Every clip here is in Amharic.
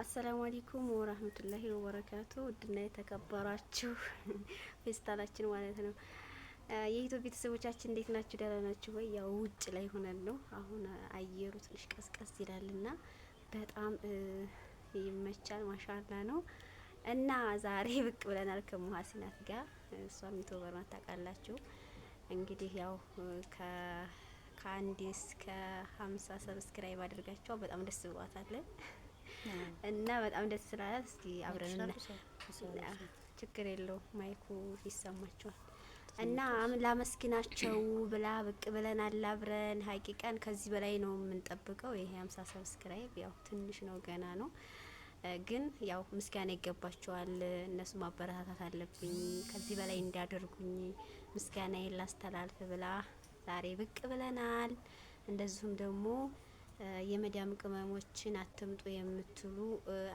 አሰላሙ አለይኩም ወራህመቱላሂ ወበረካቱ። ውድና የተከበራችሁ ፌስታላችን ማለት ነው የኢትዮ ቤተሰቦቻችን እንዴት ናችሁ? ደህና ናችሁ ወይ? ያው ውጭ ላይ ሆነን ነው አሁን አየሩ ትንሽ ቀዝቀዝ ይላልና በጣም ይመቻል። ማሻላ ነው እና ዛሬ ብቅ ብለናል ከሙሀሲናት ጋር እሷም ዩቲዩበር ናት እንግዲህ ያው ከ ከአንድ እስከ ሀምሳ ሰብስክራይብ አድርጋቸው በጣም ደስ ብሏታል። እና በጣም ደስ ስላላት እስኪ አብረን ችግር የለው ማይኩ ይሰማቸዋል። እና ላመስግናቸው ብላ ብቅ ብለን አላብረን ሀቂቀን ከዚህ በላይ ነው የምንጠብቀው። ይሄ ሀምሳ ሰብስክራይብ ያው ትንሽ ነው ገና ነው፣ ግን ያው ምስጋና ይገባቸዋል። እነሱ ማበረታታት አለብኝ ከዚህ በላይ እንዲያደርጉኝ ምስጋና የላስተላልፍ ብላ ዛሬ ብቅ ብለናል። እንደዚሁም ደግሞ የመዳም ቅመሞችን አትምጡ የምትሉ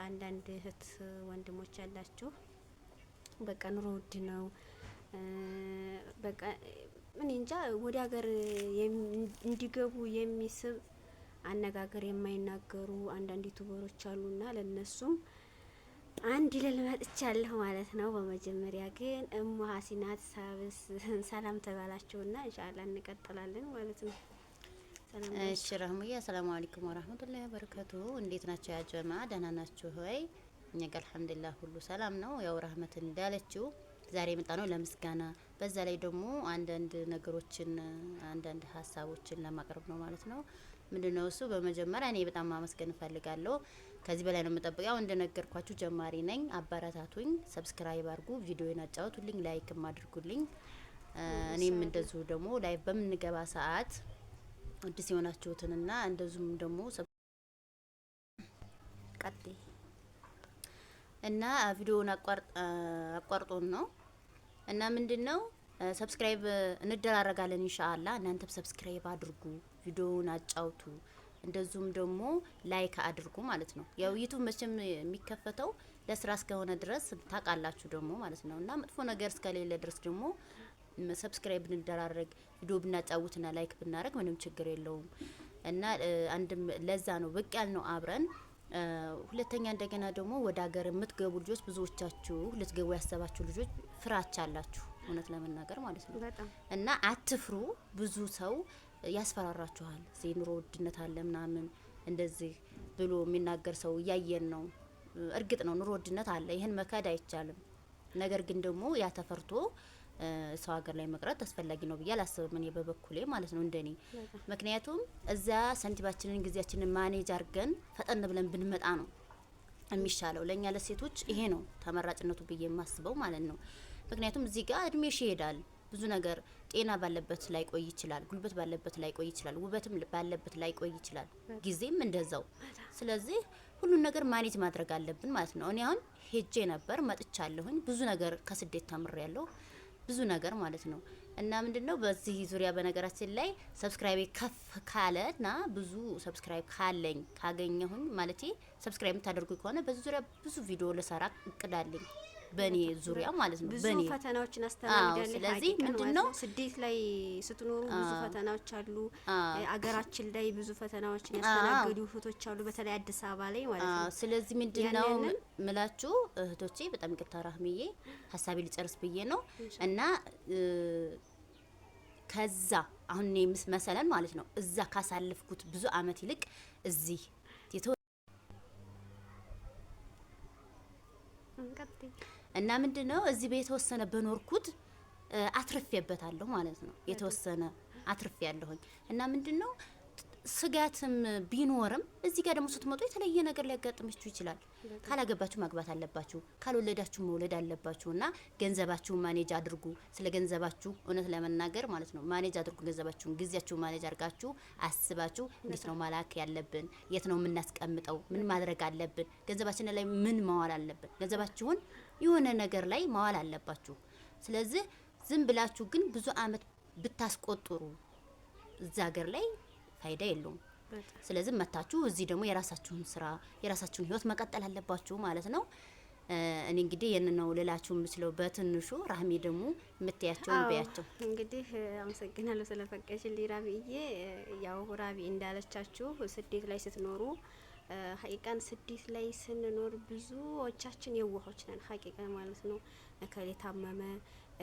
አንዳንድ እህት ወንድሞች አላችሁ። በቃ ኑሮ ውድ ነው፣ በቃ ምን እንጃ ወደ ሀገር እንዲገቡ የሚስብ አነጋገር የማይናገሩ አንዳንድ ዩቱበሮች አሉና ለነሱም አንድ ልል መጥቻለሁ ማለት ነው። በመጀመሪያ ግን እሙ ሀሲናት ሳብስ ሰላም ተባላችሁና እንሻላ እንቀጥላለን ማለት ነው። እሺ ረህሙዬ፣ አሰላሙ አለይኩም ወራህመቱላሂ ወበረከቱ። እንዴት ናቸው ያጀማ? ደህና ናችሁ ሆይ? እኛ ጋር አልሐምዱሊላህ ሁሉ ሰላም ነው። ያው ረህመት እንዳለችው ዛሬ የመጣ ነው ለምስጋና፣ በዛ ላይ ደግሞ አንዳንድ ነገሮችን አንዳንድ ሀሳቦችን ለማቅረብ ነው ማለት ነው። ምንድን ነው እሱ? በመጀመሪያ እኔ በጣም ማመስገን እፈልጋለሁ። ከዚህ በላይ ነው የምጠብቀው። እንደነገርኳችሁ ጀማሪ ነኝ፣ አበረታቱኝ፣ ሰብስክራይብ አድርጉ፣ ቪዲዮን አጫወቱልኝ፣ ላይክም አድርጉልኝ። እኔም እንደዚሁ ደግሞ ላይ በምንገባ ሰዓት አዲስ የሆናችሁትንና እንደዚሁም ደግሞ ቀጤ እና ቪዲዮውን አቋርጦን ነው እና ምንድን ነው ሰብስክራይብ እንደራረጋለን ኢንሻአላ። እናንተም ሰብስክራይብ አድርጉ፣ ቪዲዮውን አጫውቱ፣ እንደዚሁም ደግሞ ላይክ አድርጉ ማለት ነው። ያው ዩቱብ መቼም የሚከፈተው ለስራ እስከሆነ ድረስ ታውቃላችሁ ደግሞ ማለት ነው እና መጥፎ ነገር እስከሌለ ድረስ ደግሞ ሰብስክራይብ ብንደራረግ ቪዲዮ ብናጫውትና ላይክ ብናደረግ ምንም ችግር የለውም እና አንድም ለዛ ነው ብቅ ያል ነው አብረን። ሁለተኛ እንደገና ደግሞ ወደ ሀገር የምትገቡ ልጆች ብዙዎቻችሁ ልትገቡ ያሰባችሁ ልጆች ፍራቻ አላችሁ፣ እውነት ለመናገር ማለት ነው እና አትፍሩ። ብዙ ሰው ያስፈራራችኋል። ዜ ኑሮ ውድነት አለ ምናምን እንደዚህ ብሎ የሚናገር ሰው እያየን ነው። እርግጥ ነው ኑሮ ውድነት አለ፣ ይህን መካድ አይቻልም። ነገር ግን ደግሞ ያተፈርቶ ሰው ሀገር ላይ መቅረት አስፈላጊ ነው ብዬ አላስብም፣ እኔ በበኩሌ ማለት ነው እንደኔ። ምክንያቱም እዛ ሰንቲባችንን ጊዜያችንን ማኔጅ አድርገን ፈጠን ብለን ብንመጣ ነው የሚሻለው ለእኛ ለሴቶች ይሄ ነው ተመራጭነቱ ብዬ የማስበው ማለት ነው። ምክንያቱም እዚህ ጋር እድሜሽ ይሄዳል ብዙ ነገር ጤና ባለበት ላይ ቆይ ይችላል፣ ጉልበት ባለበት ላይ ቆይ ይችላል፣ ውበትም ባለበት ላይ ቆይ ይችላል፣ ጊዜም እንደዛው። ስለዚህ ሁሉን ነገር ማኔጅ ማድረግ አለብን ማለት ነው። እኔ አሁን ሄጄ ነበር መጥቻ ብዙ ነገር ከስደት ተምሬ ያለው። ብዙ ነገር ማለት ነው። እና ምንድነው በዚህ ዙሪያ በነገራችን ላይ ሰብስክራይቤ ከፍ ና ብዙ ሰብስክራይብ ካለኝ ካገኘሁኝ ማለት ሰብስክራይብ የምታደርጉ ከሆነ በዚህ ዙሪያ ብዙ ቪዲዮ ልሰራ እቅዳለኝ። በእኔ ዙሪያ ማለት ነው። ብዙ ፈተናዎችን አስተናግዳለች። ስለዚህ ምንድን ነው ስደት ላይ ስትኖሩ ብዙ ፈተናዎች አሉ። አገራችን ላይ ብዙ ፈተናዎችን ያስተናገዱ እህቶች አሉ፣ በተለይ አዲስ አበባ ላይ ማለት ነው። ስለዚህ ምንድን ነው ምላችሁ እህቶቼ፣ በጣም ይቅርታ ራህምዬ፣ ሀሳቤ ሊጨርስ ብዬ ነው እና ከዛ አሁን ምስ መሰለን ማለት ነው እዛ ካሳለፍኩት ብዙ አመት ይልቅ እዚህ የተወ እና ምንድነው ነው እዚህ የተወሰነ በኖርኩት አትርፌበታለሁ ማለት ነው። የተወሰነ አትርፌ ያለሁኝ እና ምንድነው ነው ስጋትም ቢኖርም እዚህ ጋር ደግሞ ስትመጡ የተለየ ነገር ሊያጋጥምችሁ ይችላል። ካላገባችሁ ማግባት አለባችሁ፣ ካልወለዳችሁ መውለድ አለባችሁ እና ገንዘባችሁ ማኔጅ አድርጉ። ስለ ገንዘባችሁ እውነት ለመናገር ማለት ነው ማኔጅ አድርጉ ገንዘባችሁን፣ ጊዜያችሁን ማኔጅ አድርጋችሁ አስባችሁ እንዴት ነው ማላክ ያለብን፣ የት ነው የምናስቀምጠው፣ ምን ማድረግ አለብን፣ ገንዘባችን ላይ ምን መዋል አለብን፣ ገንዘባችሁን የሆነ ነገር ላይ ማዋል አለባችሁ። ስለዚህ ዝም ብላችሁ ግን ብዙ አመት ብታስቆጥሩ እዛ ሀገር ላይ ፋይዳ የለውም። ስለዚህ መታችሁ እዚህ ደግሞ የራሳችሁን ስራ የራሳችሁን ህይወት መቀጠል አለባችሁ ማለት ነው። እኔ እንግዲህ ይህን ነው ልላችሁ የምችለው በትንሹ። ራህሜ ደግሞ የምትያቸውን ብያቸው። እንግዲህ አመሰግናለሁ ስለፈቀሽልኝ ራቢዬ። ያው ራቢ እንዳለቻችሁ ስደት ላይ ስትኖሩ ሀቂቃን ስደት ላይ ስንኖር ብዙዎቻችን የዋሆች ነን። ሀቂቃን ማለት ነው። እከሌ ታመመ፣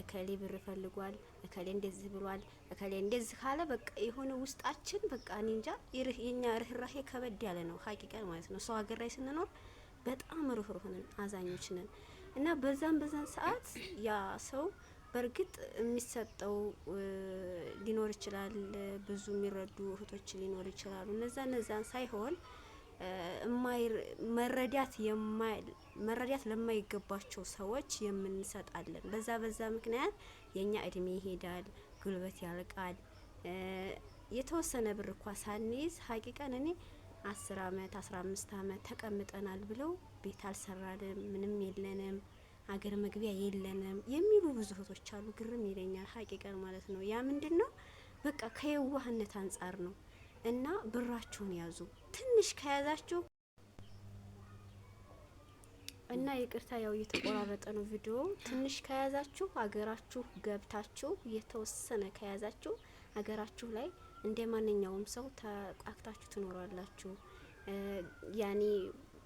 እከሌ ብር ፈልጓል፣ እከሌ እንደዚህ ብሏል፣ እከሌ እንደዚህ ካለ በቃ የሆነ ውስጣችን በቃ እንጃ የኛ ርህራሄ ከበድ ያለ ነው። ሀቂቃን ማለት ነው። ሰው ሀገር ላይ ስንኖር በጣም ርህሩህ ነን፣ አዛኞች ነን እና በዛም በዛን ሰዓት ያ ሰው በእርግጥ የሚሰጠው ሊኖር ይችላል። ብዙ የሚረዱ እህቶች ሊኖር ይችላሉ። እነዛ እነዛን ሳይሆን መረዳት ለማይገባቸው ሰዎች የምንሰጣለን። በዛ በዛ ምክንያት የእኛ እድሜ ይሄዳል፣ ጉልበት ያልቃል። የተወሰነ ብር እንኳ ሳንይዝ ሀቂቀን እኔ አስር አመት አስራ አምስት አመት ተቀምጠናል ብለው ቤት አልሰራንም፣ ምንም የለንም፣ አገር መግቢያ የለንም የሚሉ ብዙ እህቶች አሉ። ግርም ይለኛል ሀቂቀን ማለት ነው። ያ ምንድን ነው በቃ ከየዋህነት አንጻር ነው። እና ብራችሁን ያዙ። ትንሽ ከያዛችሁ እና ይቅርታ ያው እየተቆራረጠ ነው ቪዲዮ። ትንሽ ከያዛችሁ ሀገራችሁ ገብታችሁ የተወሰነ ከያዛችሁ ሀገራችሁ ላይ እንደ ማንኛውም ሰው ተቃክታችሁ ትኖራላችሁ። ያኔ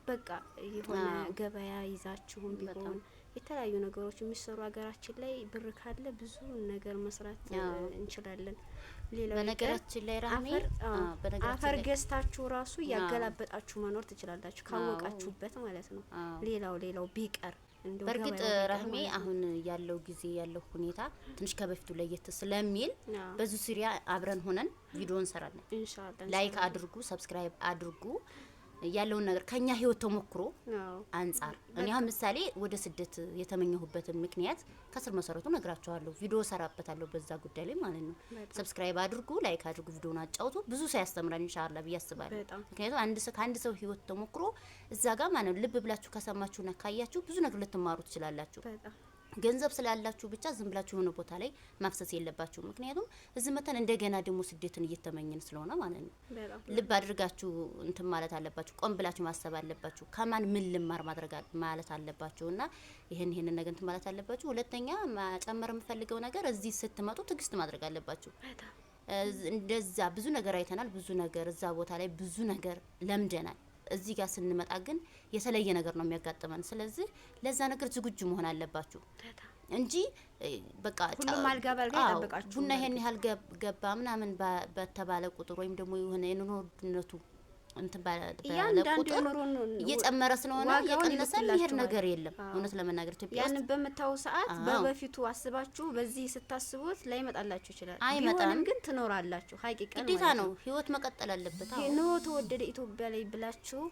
በቃ የሆነ ገበያ ይዛችሁም ቢሆን የተለያዩ ነገሮች የሚሰሩ ሀገራችን ላይ ብር ካለ ብዙ ነገር መስራት እንችላለን። ሌላ በነገራችን ላይ አፈር ገዝታችሁ ራሱ እያገላበጣችሁ መኖር ትችላላችሁ፣ ካወቃችሁበት ማለት ነው። ሌላው ሌላው ቢቀር በእርግጥ ራህሜ አሁን ያለው ጊዜ ያለው ሁኔታ ትንሽ ከበፊቱ ለየት ስለሚል በዙ ሲሪያ አብረን ሆነን ቪዲዮ እንሰራለን። ላይክ አድርጉ፣ ሰብስክራይብ አድርጉ። ያለውን ነገር ከኛ ህይወት ተሞክሮ አንጻር እኔ አሁን ምሳሌ ወደ ስደት የተመኘሁበትን ምክንያት ከስር መሰረቱ ነግራቸዋለሁ። ቪዲዮ ሰራበታለሁ በዛ ጉዳይ ላይ ማለት ነው። ሰብስክራይብ አድርጉ፣ ላይክ አድርጉ፣ ቪዲዮን አጫውቱ። ብዙ ሰው ያስተምራል ኢንሻአላህ ብዬ አስባለሁ። ምክንያቱም አንድ ሰው ከአንድ ሰው ህይወት ተሞክሮ እዛ ጋር ማለት ነው ልብ ብላችሁ ከሰማችሁና ካያችሁ ብዙ ነገር ልትማሩ ትችላላችሁ። ገንዘብ ስላላችሁ ብቻ ዝም ብላችሁ የሆነ ቦታ ላይ ማፍሰስ የለባችሁ። ምክንያቱም እዚህ መተን እንደገና ደግሞ ስደትን እየተመኘን ስለሆነ ማለት ነው። ልብ አድርጋችሁ እንትን ማለት አለባችሁ። ቆም ብላችሁ ማሰብ አለባችሁ። ከማን ምን ልማር ማድረግ ማለት አለባችሁ እና ይህን ይህንን ነገር እንትን ማለት አለባችሁ። ሁለተኛ መጨመር የምፈልገው ነገር እዚህ ስትመጡ ትግስት ማድረግ አለባችሁ። እንደዛ ብዙ ነገር አይተናል። ብዙ ነገር እዛ ቦታ ላይ ብዙ ነገር ለምደናል። እዚህ ጋር ስንመጣ ግን የተለየ ነገር ነው የሚያጋጥመን። ስለዚህ ለዛ ነገር ዝግጁ መሆን አለባችሁ እንጂ በቃ ቡና ይሄን ያህል ገባ ምናምን በተባለ ቁጥር ወይም ደግሞ የሆነ የኑሮ ውድነቱ እንትን ባለቁጥር እየጨመረ ስለሆነ እየቀነሰ የሚሄድ ነገር የለም። እውነት ለመናገር ኢትዮጵያ ያንን በምታዩ ሰዓት በበፊቱ አስባችሁ በዚህ ስታስቡት ላይመጣላችሁ ይችላል። አይመጣም ግን ትኖራላችሁ። ሀቂ ግዴታ ነው። ህይወት መቀጠል አለበት። ኖ ተወደደ ኢትዮጵያ ላይ ብላችሁ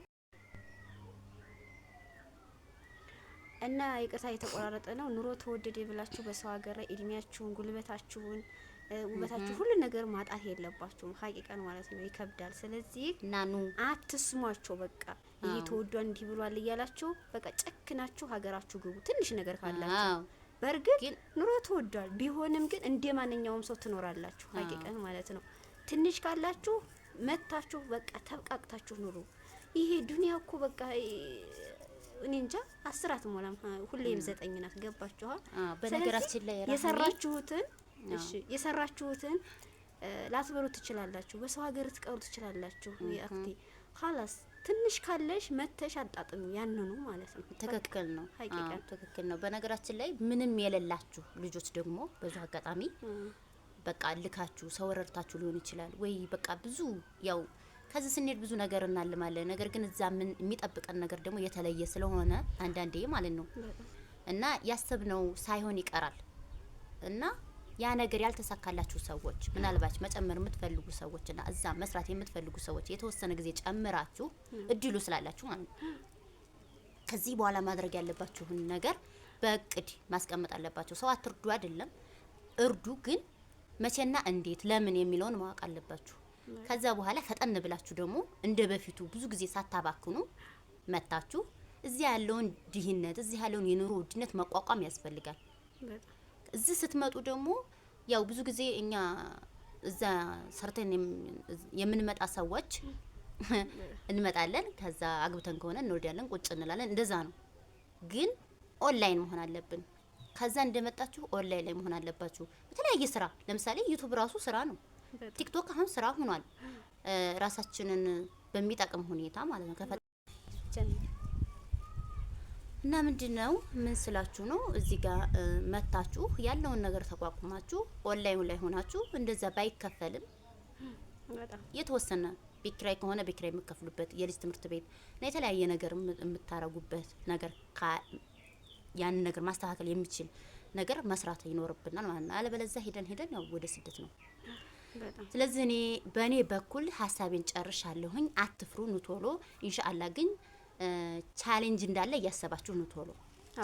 እና ይቅርታ የተቆራረጠ ነው። ኑሮ ተወደደ ብላችሁ በሰው ሀገር ላይ እድሜያችሁን ጉልበታችሁን ውበታችሁ ሁሉ ነገር ማጣት የለባችሁም። ሀቂቀን ማለት ነው ይከብዳል። ስለዚህ ናኑ አትስሟቸው። በቃ ይህ ተወዷ እንዲህ ብሏል እያላችሁ በቃ ጨክናችሁ ሀገራችሁ ግቡ። ትንሽ ነገር ካላችሁ በእርግጥ ኑሮ ተወዷል ቢሆንም ግን እንደ ማንኛውም ሰው ትኖራላችሁ። ሀቂቀን ማለት ነው ትንሽ ካላችሁ መታችሁ በቃ ተብቃቅታችሁ ኑሩ። ይሄ ዱኒያ እኮ በቃ እኔ እንጃ አስራት ሞላም ሁሌም ዘጠኝ ናት። ገባችኋል? በነገራችን ላይ የሰራችሁትን እሺ የሰራችሁትን ላትበሩ ትችላላችሁ፣ በሰው ሀገር ትቀሩ ትችላላችሁ። የአክቲ ሀላስ ትንሽ ካለሽ መተሽ አጣጥሚ ያንኑ ማለት ነው። ትክክል ነው፣ ትክክል ነው። በነገራችን ላይ ምንም የሌላችሁ ልጆች ደግሞ በዙ አጋጣሚ በቃ ልካችሁ ሰው ረድታችሁ ሊሆን ይችላል ወይ በቃ ብዙ ያው ከዚህ ስንሄድ ብዙ ነገር እናልማለን። ነገር ግን እዛ ምን የሚጠብቀን ነገር ደግሞ የተለየ ስለሆነ አንዳንዴ ማለት ነው እና ያሰብነው ሳይሆን ይቀራል እና ያ ነገር ያልተሳካላችሁ ሰዎች ምናልባት መጨመር የምትፈልጉ ሰዎችና እዛ መስራት የምትፈልጉ ሰዎች የተወሰነ ጊዜ ጨምራችሁ እድሉ ስላላችሁ ማለት ነው። ከዚህ በኋላ ማድረግ ያለባችሁን ነገር በእቅድ ማስቀመጥ አለባችሁ። ሰው አትርዱ አይደለም እርዱ፣ ግን መቼና እንዴት ለምን የሚለውን ማወቅ አለባችሁ። ከዛ በኋላ ፈጠን ብላችሁ ደግሞ እንደ በፊቱ ብዙ ጊዜ ሳታባክኑ መታችሁ እዚያ ያለውን ድህነት እዚህ ያለውን የኑሮ ውድነት መቋቋም ያስፈልጋል። እዚህ ስትመጡ ደግሞ ያው ብዙ ጊዜ እኛ እዛ ሰርተን የምንመጣ ሰዎች እንመጣለን። ከዛ አግብተን ከሆነ እንወልዳለን፣ ቁጭ እንላለን። እንደዛ ነው። ግን ኦንላይን መሆን አለብን። ከዛ እንደመጣችሁ ኦንላይን ላይ መሆን አለባችሁ። በተለያየ ስራ ለምሳሌ ዩቱብ ራሱ ስራ ነው። ቲክቶክ አሁን ስራ ሆኗል። ራሳችንን በሚጠቅም ሁኔታ ማለት ነው ከፈ እና ምንድን ነው ምን ስላችሁ ነው እዚህ ጋር መታችሁ ያለውን ነገር ተቋቁማችሁ ኦንላይን ላይ ሆናችሁ እንደዛ ባይከፈልም የተወሰነ ቢክራይ ከሆነ ቢክራይ የምከፍሉበት የልጅ ትምህርት ቤት እና የተለያየ ነገር የምታረጉበት ነገር ያንን ነገር ማስተካከል የሚችል ነገር መስራት ይኖርብናል ማለት ነው። አለበለዚያ ሄደን ሄደን ያው ወደ ስደት ነው። ስለዚህ እኔ በእኔ በኩል ሀሳቤን ጨርሻለሁኝ። አትፍሩ፣ ኑ ቶሎ ኢንሻአላህ ግን ቻሌንጅ እንዳለ እያሰባችሁ ነው ቶሎ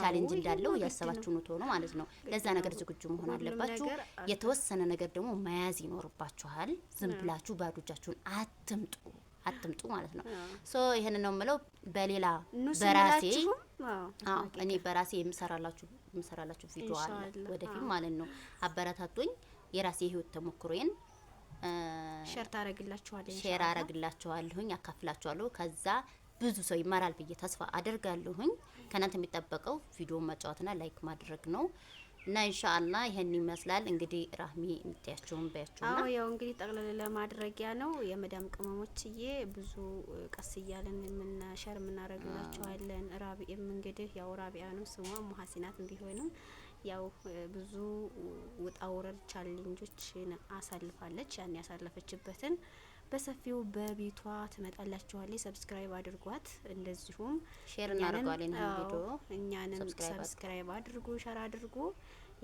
ቻሌንጅ እንዳለው እያሰባችሁ ነው ቶሎ ማለት ነው። ለዛ ነገር ዝግጁ መሆን አለባችሁ። የተወሰነ ነገር ደግሞ መያዝ ይኖርባችኋል። ዝም ብላችሁ ባዶ እጃችሁን አትምጡ አትምጡ ማለት ነው። ሶ ይህን ነው የምለው። በሌላ በራሴ እኔ በራሴ የምሰራላችሁ የምሰራላችሁ ቪዲዮ አለ ወደፊት ማለት ነው። አበረታቱኝ። የራሴ ህይወት ተሞክሮዬን ሼር ታረግላችኋለሁ ሼር አረግላችኋለሁኝ አካፍላችኋለሁ ከዛ ብዙ ሰው ይማራል ብዬ ተስፋ አደርጋለሁኝ። ከእናንተ የሚጠበቀው ቪዲዮ መጫወትና ላይክ ማድረግ ነው እና ኢንሻአላህ ይሄን ይመስላል እንግዲህ ራህሚ የምትያቸውን በያቸው። አዎ ያው እንግዲህ ጠቅለል ለማድረጊያ ነው። የመዳም ቅመሞችዬ ብዙ ቀስ እያለን የምናሸር የምናደርግላቸዋለን። ራቢም እንግዲህ ያው ራቢያ ነው ስሟ፣ ሙሀሲናት ቢሆንም ያው ብዙ ውጣ ውረድ ቻሌንጆች አሳልፋለች። ያን ያሳለፈችበትን በሰፊው በቤቷ ትመጣላችኋለች። ሰብስክራይብ አድርጓት፣ እንደዚሁም ሼር እናደርጓለን። እኛንም ሰብስክራይብ አድርጉ፣ ሸር አድርጉ።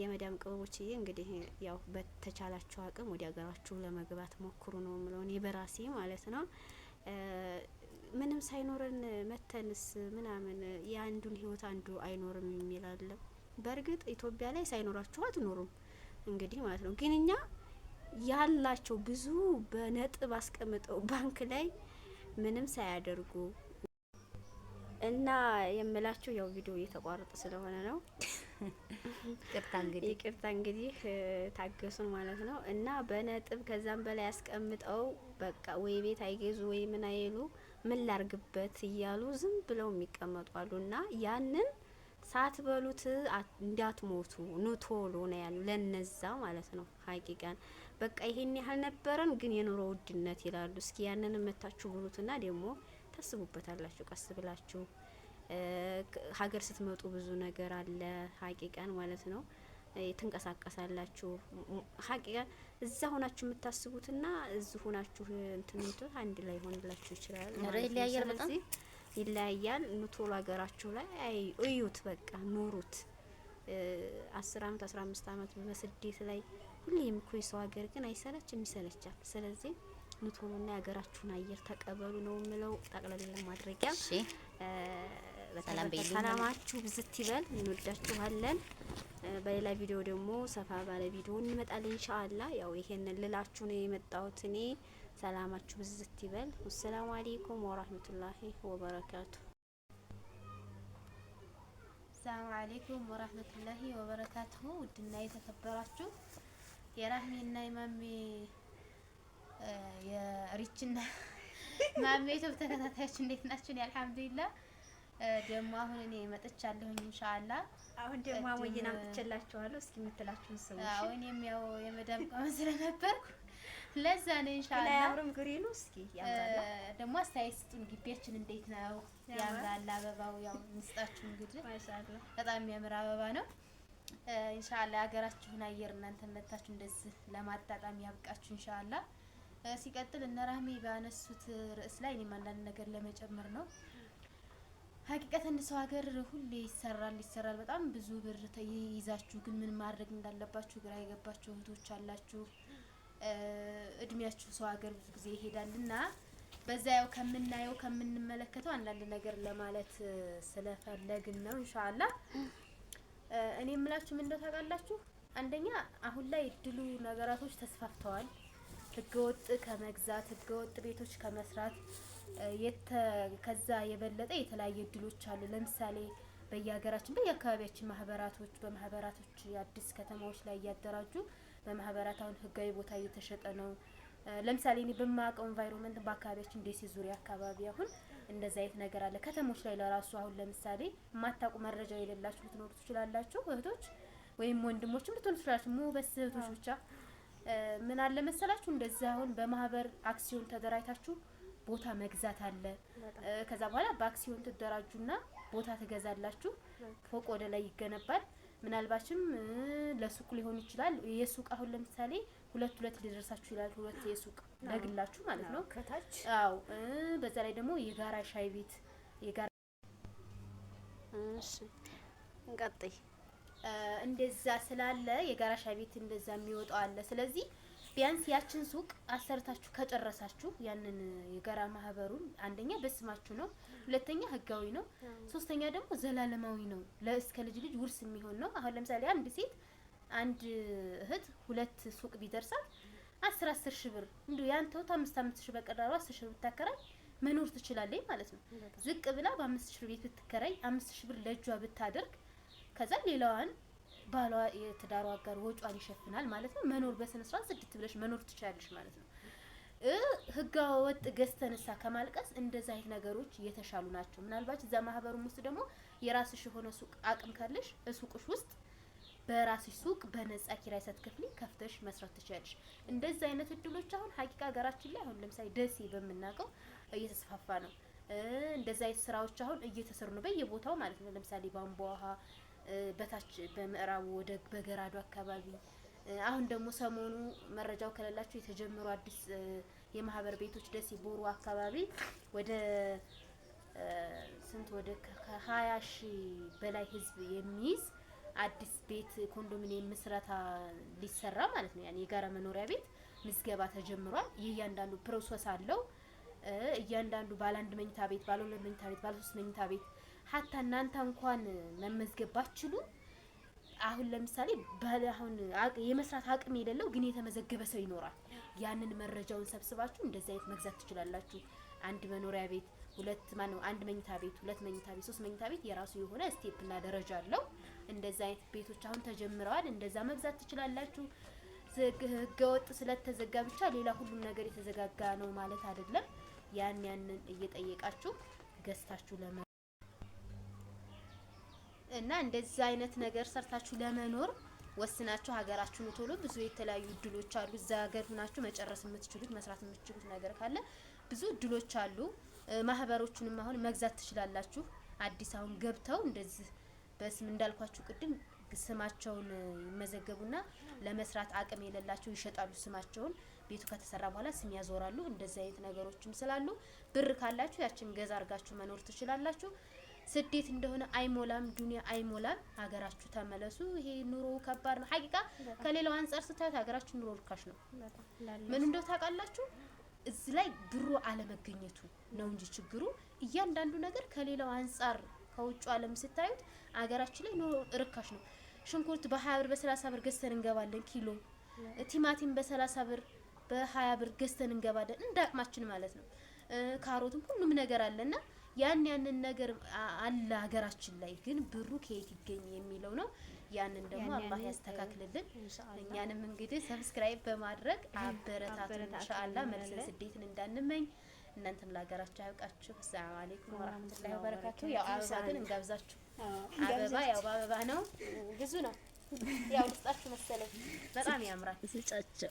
የመዳም ቅበቦችዬ እንግዲህ ያው በተቻላችሁ አቅም ወደ ሀገራችሁ ለመግባት ሞክሩ ነው የምለው እኔ በራሴ ማለት ነው። ምንም ሳይኖረን መተንስ ምናምን የአንዱን ህይወት አንዱ አይኖርም የሚል በእርግጥ ኢትዮጵያ ላይ ሳይኖራችሁ አትኖሩም እንግዲህ ማለት ነው ግን እኛ ያላቸው ብዙ በነጥብ አስቀምጠው ባንክ ላይ ምንም ሳያደርጉ እና የምላችሁ ያው ቪዲዮ እየተቋረጠ ስለሆነ ነው። ይቅርታ እንግዲህ ይቅርታ እንግዲህ ታገሱን ማለት ነው። እና በነጥብ ከዛም በላይ አስቀምጠው በቃ ወይ ቤት አይገዙ ወይ ምን አይሉ ምን ላርግበት እያሉ ዝም ብለው የሚቀመጡ አሉ። እና ያንን ሳትበሉት እንዳትሞቱ ኑ ቶሎ ነው ያሉ ለነዛ ማለት ነው ሀቂቃን በቃ ይሄን ያህል ነበረን ግን የኑሮ ውድነት ይላሉ። እስኪ ያንን መታችሁ ብሉትና ደግሞ ታስቡበታላችሁ ቀስ ብላችሁ ሀገር ስትመጡ ብዙ ነገር አለ ሀቂቀን ማለት ነው ትንቀሳቀሳላችሁ ሀቂቃን እዛ ሆናችሁ የምታስቡትና እዚሁ ሆናችሁ እንትንቱ አንድ ላይ ሆንላችሁ ይችላል። ይለያያል፣ ይለያያል። ኑቶሎ ሀገራችሁ ላይ እዩት፣ በቃ ኑሩት። አስር አመት አስራ አምስት አመት በስደት ላይ ሁሌም እኮ የሰው ሀገር ግን አይሰለችም፣ ይሰለቻል። ስለዚህ ንቶሎና የሀገራችሁን አየር ተቀበሉ ነው የምለው። ጠቅለል ማድረጊያ ሰላማችሁ ብዝት ይበል። እንወዳችኋለን። በሌላ ቪዲዮ ደግሞ ሰፋ ባለ ቪዲዮ እንመጣለን ኢንሻአላ። ያው ይሄንን ልላችሁ ነው የመጣሁት እኔ። ሰላማችሁ ብዝት ይበል። ወሰላሙ አለይኩም ወራህመቱላሂ ወበረካቱ። ሰላም አለይኩም ወራህመቱላሂ ወበረካቱ። ውድና የተከበራችሁ የራህሚ እና የማሜ የሪችና ማሜ ቶብ ተከታታዮች እንዴት ናችሁ? አልሐምዱሊላህ። ደግሞ አሁን እኔ መጥቻለሁኝ ኢንሻአላ። አሁን ደግሞ አሞዬን አምጥቼላችኋለሁ። እስኪ የምትላችሁን ሰው እሺ። አሁን የሚያው የመዳም ቀመ ስለነበርኩ ለዛ ነው ኢንሻአላ። ያምሩም ግሪኑ እስኪ ያምራላ። ደግሞ አስተያየት ስጡን። ግቢያችን እንዴት ነው? ያምራላ። አበባው ያው እንስጣችሁ እንግዲህ። ማሻአላ በጣም የሚያምር አበባ ነው። ኢንሻአላ ሀገራችሁን አየር እናንተ መታችሁ እንደዚህ ለማጣጣም ያብቃችሁ እንሻላ ሲቀጥል እነ ራህሜ ባነሱት ርዕስ ላይ እኔም አንዳንድ ነገር ለመጨመር ነው። ሀቂቀት እንደ ሰው ሀገር ሁሌ ይሰራል ይሰራል። በጣም ብዙ ብር ይዛችሁ ግን ምን ማድረግ እንዳለባችሁ ግራ የገባችሁ እህቶች አላችሁ። እድሜያችሁ ሰው ሀገር ብዙ ጊዜ ይሄዳል እና በዛ ያው ከምናየው ከምንመለከተው አንዳንድ ነገር ለማለት ስለፈለግን ነው ኢንሻአላ። እኔ የምላችሁ ምን እንደው ታውቃላችሁ፣ አንደኛ አሁን ላይ እድሉ ነገራቶች ተስፋፍተዋል። ህገወጥ ከመግዛት ህገወጥ ቤቶች ከመስራት ከዛ የበለጠ የተለያየ እድሎች አሉ። ለምሳሌ በየሀገራችን በየአካባቢያችን ማህበራቶች በማህበራቶች አዲስ ከተማዎች ላይ እያደራጁ በማህበራት አሁን ህጋዊ ቦታ እየተሸጠ ነው። ለምሳሌ እኔ በማውቀው ኢንቫይሮንመንት በአካባቢያችን ደሴ ዙሪያ አካባቢ አሁን እንደዚ አይነት ነገር አለ። ከተሞች ላይ ለራሱ አሁን ለምሳሌ የማታውቁ መረጃ የሌላችሁ ልትኖሩ ትችላላችሁ እህቶች ወይም ወንድሞችም ልትሆኑ ትችላላችሁ። በስ እህቶች ብቻ ምን አለ መሰላችሁ እንደዚህ አሁን በማህበር አክሲዮን ተደራጅታችሁ ቦታ መግዛት አለ። ከዛ በኋላ በአክሲዮን ትደራጁና ቦታ ትገዛላችሁ። ፎቅ ወደ ላይ ይገነባል። ምናልባችም ለሱቅ ሊሆን ይችላል። የሱቅ አሁን ለምሳሌ ሁለት ሁለት ሊደርሳችሁ ይላል። ሁለት የሱቅ ለግላችሁ ማለት ነው ከታች አዎ። በዛ ላይ ደግሞ የጋራ ሻይ ቤት የጋራ እሺ፣ እንቀጥይ እንደዛ ስላለ የጋራ ሻይ ቤት እንደዛ የሚወጣው አለ። ስለዚህ ቢያንስ ያችን ሱቅ አሰርታችሁ ከጨረሳችሁ ያንን የጋራ ማህበሩን አንደኛ በስማችሁ ነው፣ ሁለተኛ ህጋዊ ነው፣ ሶስተኛ ደግሞ ዘላለማዊ ነው። ለእስከ ልጅ ልጅ ውርስ የሚሆን ነው። አሁን ለምሳሌ አንድ ሴት አንድ እህት ሁለት ሱቅ ቢደርሳት አስር አስር ሺህ ብር እንዲሁ ያንተው አምስት አምስት ሺህ በቀዳሩ አስር ሺህ ብር ብታከራይ መኖር ትችላለች ማለት ነው። ዝቅ ብላ በአምስት ሺህ ብር ቤት ብትከራይ አምስት ሺህ ብር ለእጇ ብታደርግ ከዛ ሌላዋን ባሏ የትዳሩ አጋር ወጪዋን ይሸፍናል ማለት ነው። መኖር በስነ ስርዓት ጽድት ብለሽ መኖር ትችላለሽ ማለት ነው። ህጋ ወጥ ገዝተንሳ ከማልቀስ እንደዛ አይነት ነገሮች የተሻሉ ናቸው። ምናልባት እዛ ማህበሩም ውስጥ ደግሞ የራስሽ የሆነ ሱቅ አቅም ካለሽ ሱቅሽ ውስጥ በራስሽ ሱቅ በነጻ ኪራይ ሳትከፍሊ ከፍተሽ መስራት ትችላለሽ። እንደዚህ አይነት እድሎች አሁን ሀቂቃ ሀገራችን ላይ አሁን ለምሳሌ ደሴ በምናውቀው እየተስፋፋ ነው። እንደዚህ አይነት ስራዎች አሁን እየተሰሩ ነው በየቦታው ማለት ነው። ለምሳሌ ቧንቧ ውሃ በታች በምዕራቡ ወደ በገራዱ አካባቢ አሁን ደግሞ ሰሞኑ መረጃው ከሌላቸው የተጀመሩ አዲስ የማህበር ቤቶች ደሴ ቦሩ አካባቢ ወደ ስንት ወደ ከሀያ ሺህ በላይ ህዝብ የሚይዝ አዲስ ቤት ኮንዶሚኒየም ምስረታ ሊሰራ ማለት ነው። ያኔ የጋራ መኖሪያ ቤት ምዝገባ ተጀምሯል። ይህ እያንዳንዱ ፕሮሰስ አለው። እያንዳንዱ ባለ አንድ መኝታ ቤት፣ ባለ ሁለት መኝታ ቤት፣ ባለ ሶስት መኝታ ቤት ሀታ እናንተ እንኳን መመዝገብ ባትችሉ አሁን ለምሳሌ አሁን የመስራት አቅም የሌለው ግን የተመዘገበ ሰው ይኖራል። ያንን መረጃውን ሰብስባችሁ እንደዚህ አይነት መግዛት ትችላላችሁ። አንድ መኖሪያ ቤት ሁለት ማነው አንድ መኝታ ቤት ሁለት መኝታ ቤት ሶስት መኝታ ቤት የራሱ የሆነ ስቴፕ እና ደረጃ አለው። እንደዛ አይነት ቤቶች አሁን ተጀምረዋል። እንደዛ መግዛት ትችላላችሁ። ህገወጥ ስለተዘጋ ብቻ ሌላ ሁሉም ነገር የተዘጋጋ ነው ማለት አይደለም። ያን ያንን እየጠየቃችሁ ገዝታችሁ ለመ እና እንደዚህ አይነት ነገር ሰርታችሁ ለመኖር ወስናችሁ ሀገራችሁ ቶሎ ብዙ የተለያዩ እድሎች አሉ። እዛ ሀገር ሁናችሁ መጨረስ የምትችሉት መስራት የምትችሉት ነገር ካለ ብዙ እድሎች አሉ። ማህበሮቹንም አሁን መግዛት ትችላላችሁ። አዲስ አሁን ገብተው እንደዚህ በስም እንዳልኳችሁ ቅድም ስማቸውን ይመዘገቡና ለመስራት አቅም የሌላቸው ይሸጣሉ። ስማቸውን ቤቱ ከተሰራ በኋላ ስም ያዞራሉ። እንደዚህ አይነት ነገሮችም ስላሉ ብር ካላችሁ ያችን ገዛ አድርጋችሁ መኖር ትችላላችሁ። ስደት እንደሆነ አይሞላም፣ ዱኒያ አይሞላም። ሀገራችሁ ተመለሱ። ይሄ ኑሮ ከባድ ነው። ሀቂቃ ከሌላው አንጻር ስታዩት ሀገራችሁ ኑሮ ርካሽ ነው። ምን እንደው ታውቃላችሁ፣ እዚህ ላይ ብሩ አለመገኘቱ ነው እንጂ ችግሩ እያንዳንዱ ነገር ከሌላው አንጻር ከውጭ ዓለም ስታዩት ሀገራችን ላይ ኑሮ ርካሽ ነው። ሽንኩርት በሀያ ብር በሰላሳ ብር ገዝተን እንገባለን ኪሎ። ቲማቲም በሰላሳ ብር በሀያ ብር ገዝተን እንገባለን እንደ አቅማችን ማለት ነው። ካሮትም ሁሉም ነገር አለና ያን ያንን ነገር አለ ሀገራችን ላይ ግን ብሩ ከየት ይገኝ የሚለው ነው። ያንን ደግሞ አላህ ያስተካክልልን። እኛንም እንግዲህ ሰብስክራይብ በማድረግ አበረታቱን። ኢንሻአላህ መልስ ስደትን እንዳንመኝ እናንተም ለሀገራችሁ ያብቃችሁ። ሰላም አለይኩም ወራህመቱላሂ ወበረካቱ። ያው አበባ ግን እንጋብዛችሁ። አበባ ያው በአበባ ነው ብዙ ነው። ያው ልጣችሁ መሰለኝ በጣም ያምራል ስጫቸው